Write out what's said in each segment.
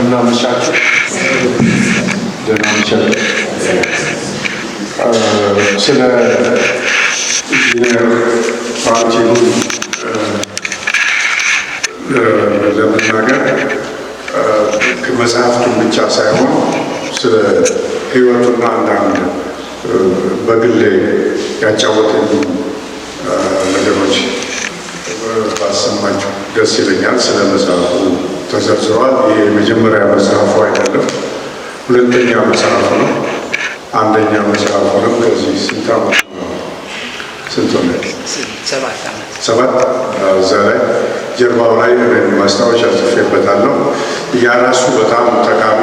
እንደምናመሻችሁ ደህና ስለ ኢንጂነር ፓርቲኑ ለመናገር መጽሐፍቱን ብቻ ሳይሆን ስለ ሕይወቱና አንዳንድ በግሌ ያጫወተኝ ነገሮች ባሰማችሁ ደስ ይለኛል። ስለ መጽሐፉ ተዘርዝረዋል። ይህ የመጀመሪያ መጽሐፉ አይደለም፣ ሁለተኛ መጽሐፉ ነው። አንደኛ መጽሐፉ ነው። ከዚህ ስንት ዓመት ስንት ሆነ? ሰባት እዛ ላይ ጀርባው ላይ ማስታወሻ ጽፌበታለሁ። ያራሱ በጣም ጠቃሚ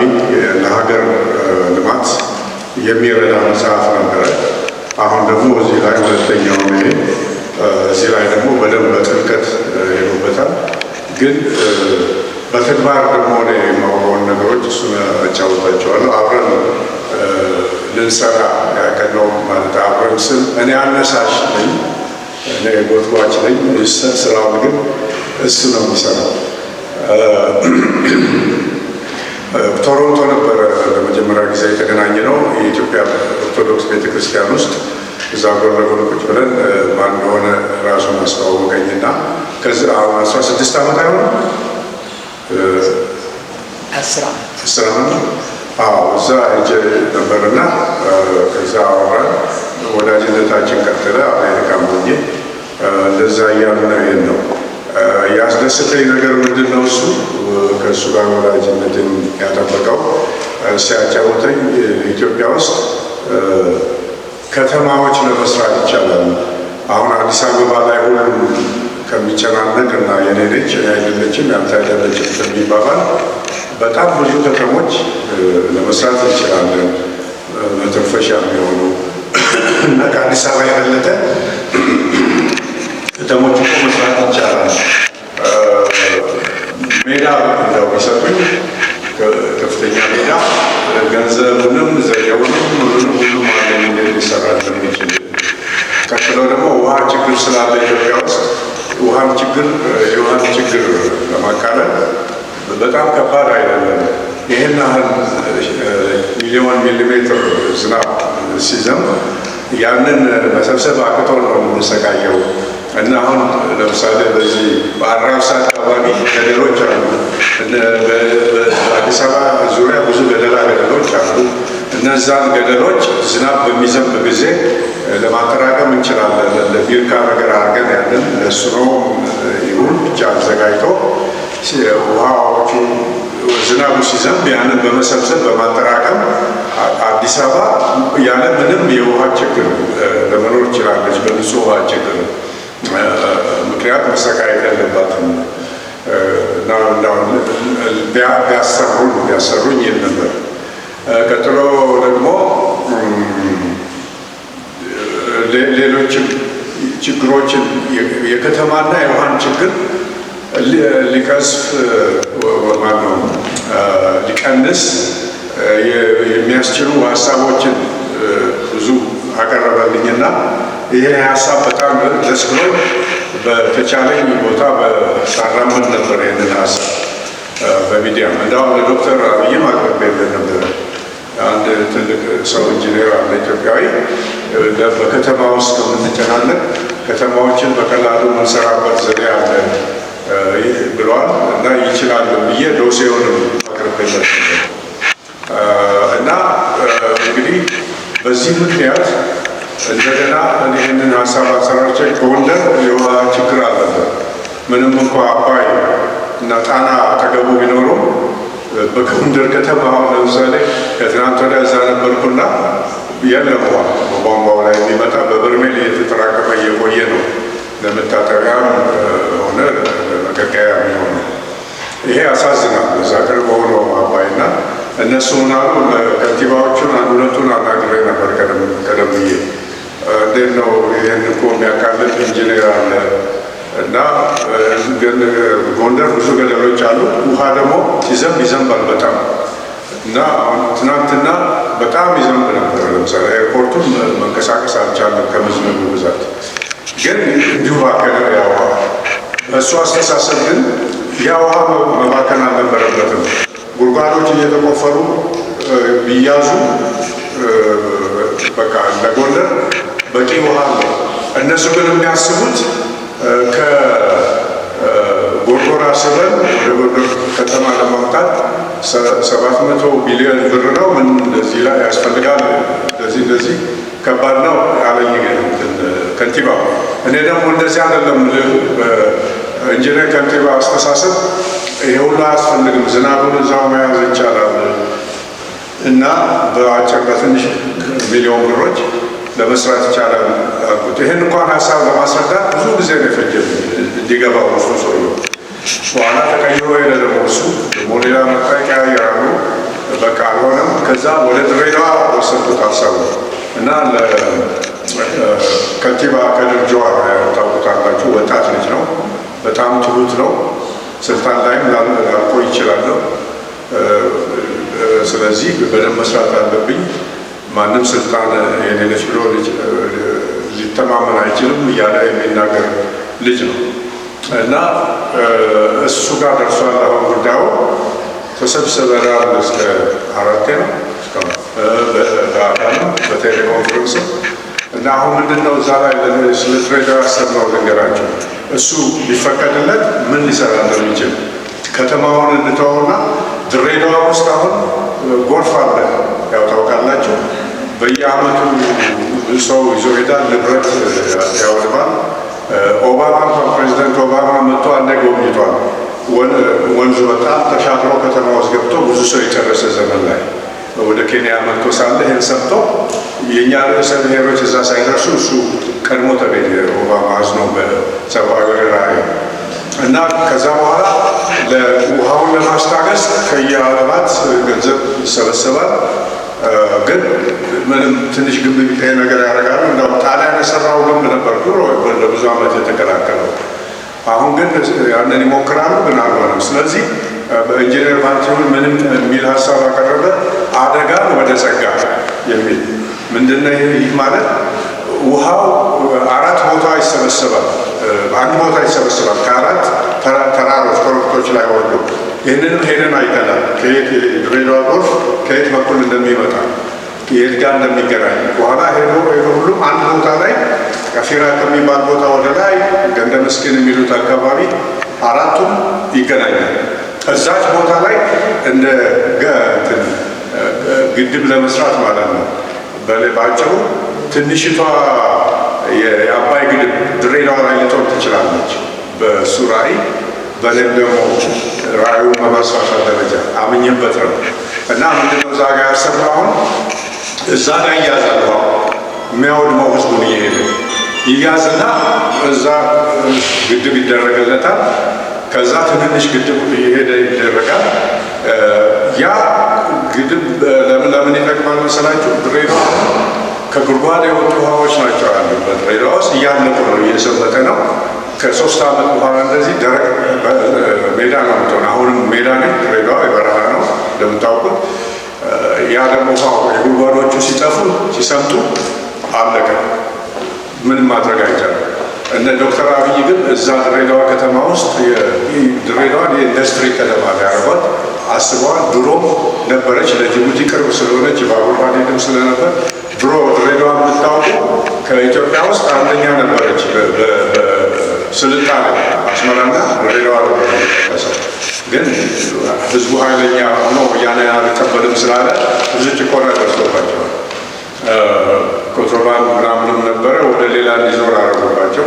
ለሀገር ልማት የሚረዳ መጽሐፍ ነበረ። አሁን ደግሞ እዚህ ላይ ሁለተኛው ጊዜ እዚህ ላይ ደግሞ በደንብ በጥልቀት ይሉበታል ግን በተግባር ደግሞ እኔ የማውቀውን ነገሮች እሱን እጫወታቸዋለሁ። አብረን ልንሰራ ያቀነው ማለት አብረን ስል እኔ አነሳሽ ነኝ፣ እኔ ጎትጓች ነኝ። ስራውን ግን እሱ ነው የሚሰራው። ቶሮንቶ ነበረ ለመጀመሪያ ጊዜ የተገናኘ ነው የኢትዮጵያ ኦርቶዶክስ ቤተክርስቲያን ውስጥ እዛ ጎን ቁጭ ብለን ማን እንደሆነ ራሱን አስተዋወቀኝና ከዚ አሁን አስራ ስድስት ዓመት አይሆንም አስር ዓመት አዎ እዛ እጀ ነበርና ከዛ አወራ ወዳጅነታችን ቀጥለ አሜሪካ ሞኜ እንደዛ እያሉ ነው ነው ያስደስተኝ ነገር ምንድን ነው እሱ ከእሱ ጋር ወዳጅነትን ያጠበቀው ሲያጫውተኝ ኢትዮጵያ ውስጥ ከተማዎች ለመስራት ይቻላል። አሁን አዲስ አበባ ላይ ሁሉ ከሚጨናነቅ እና የኔ ነች እኔ አይደለችም ያንተ አይደለችም ከሚባባል በጣም ብዙ ከተሞች ለመስራት እንችላለን። መተንፈሻ የሚሆኑ እና ከአዲስ አበባ የበለጠ ከተሞች መስራት ይቻላል። ሜዳ እንደው ሚሰጡኝ ከፍተኛ ሜዳ ገንዘቡን ችግር የውሃን ችግር ለማቃለል በጣም ከባድ አይደለም። ይህን ያህል ሚሊዮን ሚሊሜትር ዝናብ ሲዘም ያንን መሰብሰብ አቅቶ ነው የምንሰቃየው እና አሁን ለምሳሌ በዚህ በአራብሳ አካባቢ ገደሎች አሉ። በአዲስ አበባ ዙሪያ ብዙ ገደላ ገደሎች አሉ። እነዛን ገደሎች ዝናብ በሚዘንብ ጊዜ ለማጠራቀም እንችላለን። ለቢርካ ነገር አድርገን ያለን ለስኖ ይሁን ብቻ አዘጋጅቶ ውሃዎቹ ዝናቡ ሲዘንብ ያንን በመሰብሰብ በማጠራቀም አዲስ አበባ ያለ ምንም የውሃ ችግር ለመኖር ይችላለች። በንጹህ ውሃ ችግር ምክንያት መሰቃየት ያለባትም ቢያሰሩን ቢያሰሩኝ ይል ነበር ቀጥሎ ደግሞ ሌሎችም ችግሮችን የከተማና የውሃን ችግር ሊቀስፍ ማነው ሊቀንስ የሚያስችሉ ሀሳቦችን ብዙ አቀረበልኝና ይህ ሀሳብ በጣም ደስ ብሎኝ በተቻለኝ ቦታ በሳራመን ነበር ይህንን ሀሳብ በሚዲያም እንደውም ለዶክተር አብይም አቅርቤ ሰው ኢንጂነር አለ ኢትዮጵያዊ በከተማ ውስጥ ከምንጨናነቅ ከተማዎችን በቀላሉ የምንሰራበት ዘዴ አለ ብለዋል እና ይችላሉ ብዬ ዶሴውንም አቅርቤለት እና እንግዲህ በዚህ ምክንያት እንደገና ይህንን ሀሳብ አሰራቸ ከወንደር የውሃ ችግር አለበት። ምንም እንኳ አባይ እና ጣና አጠገቡ ቢኖሩም በጎንደር ከተማ አሁን ለምሳሌ ከትናንት ወዲያ እዛ ነበርኩና የለም ውሃ በቧንቧው ላይ የሚመጣ በበርሜል እየተጠራቀመ እየቆየ ነው ለመታጠቢያም ሆነ ለመቀቀያ የሚሆነ ይሄ አሳዝናል። እዛ በሆነ አባይ ና እነሱ ምናሉ ከንቲባዎቹን አንድ ሁለቱን አናግሬ ነበር ቀደም ብዬ እንዴት ነው ይህን እኮ የሚያካልል ኢንጂነር አለ እና ጎንደር ብዙ ገደሎች አሉ። ውሃ ደግሞ ሲዘንብ ይዘንባል በጣም እና አሁን ትናንትና በጣም ይዘንብ ነበር። ለምሳሌ ኤርፖርቱን መንቀሳቀስ አልቻለም ከመዝነቡ ብዛት። ግን እንዲሁ ባከነ ያ ውሃ። እሱ አስተሳሰብ ግን ያ ውሃ መባከን አልነበረበትም። ጉድጓዶች እየተቆፈሩ ቢያዙ በቃ ለጎንደር በቂ ውሃ ነው። እነሱ ግን የሚያስቡት ከጎርጎራ ስበን ወደ ጎርጎር ከተማ ለማምጣት ሰባት መቶ ቢሊዮን ብር ነው። ምን እንደዚህ ላይ ያስፈልጋል? እንደዚህ እንደዚህ ከባድ ነው አለኝ ከንቲባ። እኔ ደግሞ እንደዚህ አይደለም ኢንጂነር ከንቲባ አስተሳሰብ ይሄ ሁሉ አያስፈልግም፣ ዝናቡን እዛው መያዝ ይቻላል እና በአጭር በትንሽ ሚሊዮን ብሮች ለመስራት ይቻላል ያደረግኩት። ይህን እንኳን ሀሳብ ለማስረዳት ብዙ ጊዜ ነው የፈጀም እንዲገባ ውስጡ ሰውየ በኋላ ተቀይሮ ሄደ። ደግሞ እሱ ደግሞ ሌላ መጠቂያ ያሉ በቃ አልሆነም። ከዛ ወደ ድሬዳዋ ወሰዱት ሀሳቡ እና ከንቲባ ከድርጅዋ ጁሃር ታውቁታላችሁ። ወጣት ልጅ ነው፣ በጣም ትሁት ነው። ስልጣን ላይም ላልቆይ ይችላለሁ። ስለዚህ በደንብ መስራት አለብኝ። ማንም ስልጣን የሌለች ብሎ ሊተማመን አይችልም እያለ የሚናገር ልጅ ነው እና እሱ ጋር ደርሷል። አሁን ጉዳዩ ተሰብስበናል። እስከ አራቴ ነው በአዳም በቴሌኮንፈረንስ እና አሁን ምንድን ነው እዛ ላይ ስለ ድሬዳዋ ያሰብነው ነገራቸው እሱ ሊፈቀድለት ምን ሊሰራ እንደሚችል ከተማውን እንተውና ብዙ ሰው ይዞ ሄዳል፣ ንብረት ያወድማል። ኦባማ እንኳን ፕሬዚደንት ኦባማ መጥቶ አንዴ ጎብኝቷል። ወንዙ በጣም ተሻግሮ ከተማ ውስጥ ገብቶ ብዙ ሰው የጨረሰ ዘመን ላይ ወደ ኬንያ መጥቶ ሳለ ይህን ሰምቶ የእኛ ርዕሰ ብሔሮች እዛ ሳይደርሱ እሱ ቀድሞ ተቤት ኦባማ አዝኖ በሰብአዊ ወረራ እና ከዛ በኋላ ውሃውን ለማስታገስ ከየአለማት ገንዘብ ይሰበሰባል። ግን ምንም ትንሽ ግንብ የሚታይ ነገር ያደርጋሉ። እንደውም ጣሊያን የሰራው ግንብ ነበር ድሮ ለብዙ ዓመት የተከላከለው። አሁን ግን ያንን ይሞክራሉ፣ ግን አልሆነም። ስለዚህ በኢንጂነር ፓንቲሁን ምንም የሚል ሀሳብ አቀረበ፣ አደጋን ወደ ጸጋ የሚል ምንድነው? ይህ ማለት ውሃው አራት ቦታ ይሰበሰባል፣ አንድ ቦታ ይሰበሰባል ከአራት ተራሮች ኮረብቶች ላይ ወርዶ ይህንንም ሄደን አይተናል። ከየት ድሬዳዋ ጎርፍ ከየት በኩል እንደሚመጣ የት ጋር እንደሚገናኝ በኋላ ሄዶ ሄዶ ሁሉም አንድ ቦታ ላይ ቀፊራ ከሚባል ቦታ ወደ ላይ ገንደ ምስኪን የሚሉት አካባቢ አራቱም ይገናኛል። እዛች ቦታ ላይ እንደ ግድብ ለመስራት ማለት ነው። በአጭሩ ትንሽቷ የአባይ ግድብ ድሬዳዋ ላይ ልትሆን ትችላለች በሱራይ በሌም ደግሞ ራእዩ መበሳሻ ደረጃ አምኝበት ነው እና ምንድነው እዛ ጋር ያሰራሁን እዛ ጋር እያዛል የሚያወድመው ህዝቡን እየሄደ ይያዝና እዛ ግድብ ይደረግለታል። ከዛ ትንንሽ ግድብ እየሄደ ይደረጋል። ያ ግድብ ለምን ለምን ይጠቅማል መሰላችሁ? ድሬዳዋ ከጉድጓድ የወጡ ውሃዎች ናቸው ያሉበት። ድሬዳዋ ውስጥ እያነቁ ነው፣ እየሰበተ ነው ከሶስት ዓመት በኋላ እንደዚህ ደረቅ ሜዳ ነው የምትሆን አሁንም ሜዳ ነች ድሬዳዋ፣ የበረሃ ነው እንደምታውቁት። ያ ደግሞ የጉድጓዶቹ ሲጠፉ ሲሰምጡ አለቀ፣ ምንም ማድረግ አይቻልም። እነ ዶክተር አብይ ግን እዛ ድሬዳዋ ከተማ ውስጥ ድሬዳዋን የኢንዱስትሪ ከተማ ሊያደርጓት አስበዋል። ድሮም ነበረች፣ ለጅቡቲ ቅርብ ስለሆነች ባቡር ሀዲድም ስለነበር ድሮ ድሬዳዋ የምታወቁ ከኢትዮጵያ ውስጥ አንደኛ ነበር። ስልጣን አስመራና ድሬዳዋ ግን ህዝቡ ኃይለኛ ሆኖ ያን አልቀበልም ስላለ ብዙ ጭቆና ደርሶባቸዋል። ኮንትሮባንድ ምናምንም ነበረ ወደ ሌላ እንዲዞር አደረጉባቸው።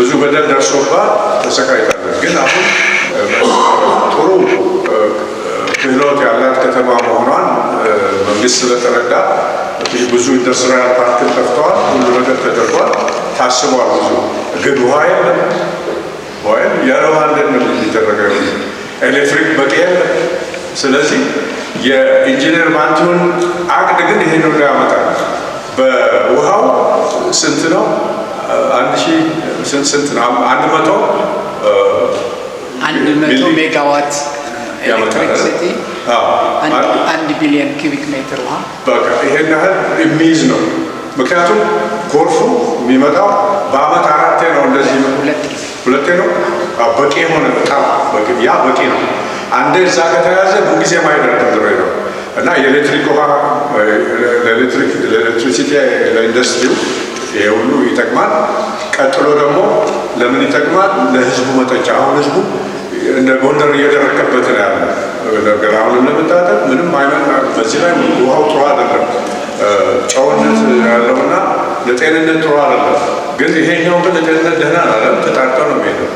ብዙ በደል ደርሶባት ተሰቃይታለች። ግን አሁን ጥሩ ክህሎት ያላት ከተማ መሆኗን መንግስት ስለተረዳ ብዙ ኢንዱስትሪያል ፓርክን ከፍተዋል። ሁሉ ነገር ተደርጓል። ታስቧል። ብዙ ግን ውሃ የለም ወይም ያለ ውሃ ኤሌክትሪክ በቂ የለም። ስለዚህ የኢንጂነር ባንቲሁን አቅድ ግን ይሄን ሁሉ ያመጣል። በውሃው ስንት ነው? አንድ ሺህ ስንት ነው? አንድ መቶ አንድ መቶ ሜጋዋት ኤሌክትሪክሲቲ አንድ ቢሊዮን ኪቢክ ሜትር ውሃ በቃ ይሄን ያህል የሚይዝ ነው። ምክንያቱም ጎርፉ የሚመጣው በአመት አራቴ ነው። እንደዚህ ሁለቴ ነው በቂ የሆነ በጣም ያ በቂ ነው። አንዴ እዛ ከተያዘ ሁልጊዜ ማይደርግም ድሮ ነው እና የኤሌክትሪክ ውሃ ለኤሌክትሪሲቲ ለኢንዱስትሪው ይሄ ሁሉ ይጠቅማል። ቀጥሎ ደግሞ ለምን ይጠቅማል? ለህዝቡ መጠጫ። አሁን ህዝቡ እንደ ጎንደር እየደረቀበት ነው ያለ ነገር አሁን ለመታጠብ ምንም አይመጣ። በዚህ ላይ ውሃው ጥሩ አይደለም። ጨውነት ያለውና ለጤንነት ጥሩ አይደለም። ግን ይሄኛው ግን ለጤንነት ደህና አላለም፣ ተጣርቶ ነው የሚሄደው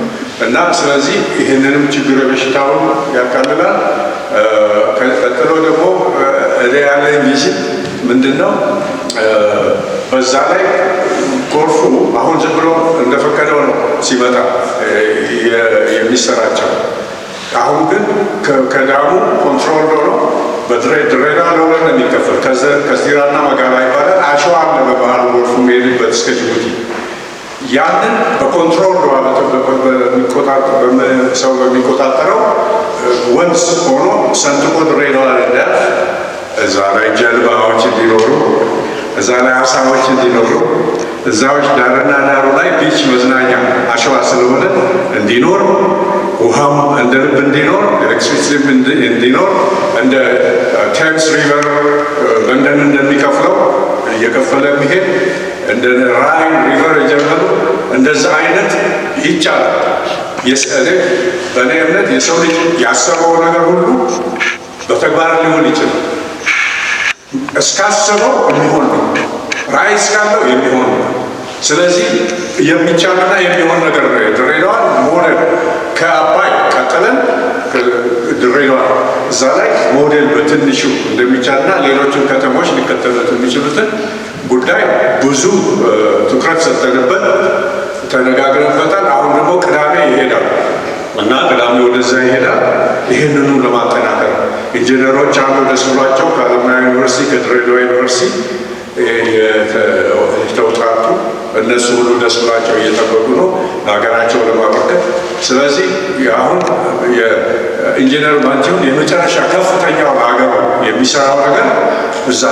እና ስለዚህ ይህንንም ችግር በሽታውን ያካልላል። ቀጥሎ ደግሞ እኔ ያለኝ ቪዥን ምንድን ነው? በዛ ላይ ጎርፉ አሁን ዝም ብሎ እንደፈቀደው ነው ሲመጣ የሚሰራቸው። አሁን ግን ከዳሙ ኮንትሮል ሆኖ በድሬዳዋ ለሁለት ነው የሚከፈል ከዚራና መጋባ ይባላል። አሸዋ ለበባህር ወልፉ የሚሄድበት እስከ ጅቡቲ ያንን በኮንትሮል ማለት ሰው በሚቆጣጠረው ወንዝ ሆኖ ሰንጥቆ ድሬዳዋ እንዳያልፍ እዛ ላይ ጀልባዎች እንዲኖሩ እዛ ላይ አሳዎች እንዲኖሩ እዛዎች ዳርና ዳሩ ላይ ቢች መዝናኛ አሸዋ ስለሆነ እንዲኖር፣ ውሃም እንደ ልብ እንዲኖር፣ ኤሌክትሪሲቲም እንዲኖር እንደ ቴምስ ሪቨር ለንደን እንደሚከፍለው እየከፈለ የሚሄድ እንደ ራይን ሪቨር የጀመሩ እንደዛ አይነት ይቻላል። የስእኔ በእኔ እምነት የሰው ልጅ ያሰበው ነገር ሁሉ በተግባር ሊሆን ይችላል። እስካሰበው የሚሆን ነው። ራይ እስካለው የሚሆን ነው። ስለዚህ የሚቻልና የሚሆን ነገር ነው። ከአባይ ቀጥለን ድሬዳዋ እዛ ላይ ሞዴል በትንሹ እንደሚቻልና ሌሎችን ከተሞች ሊከተሉት የሚችሉትን ጉዳይ ብዙ ትኩረት ሰጠንበት፣ ተነጋግረንበታል። አሁን ደግሞ ቅዳሜ ይሄዳል እና ቅዳሜ ወደዛ ይሄዳል። ይህንኑ ለማጠናከር ኢንጂነሮች አንዱ ደስ ብሏቸው ከአለማያ ዩኒቨርሲቲ ከድሬዳዋ ዩኒቨርሲቲ የተውጣጡ እነሱ ሁሉ ደስ ብላቸው እየጠበቁ ነው ለሀገራቸው ለማበርከት። ስለዚህ አሁን የኢንጂነር ባንቲሁን የመጨረሻ ከፍተኛው ሀገሩ የሚሰራው ነገር እዛ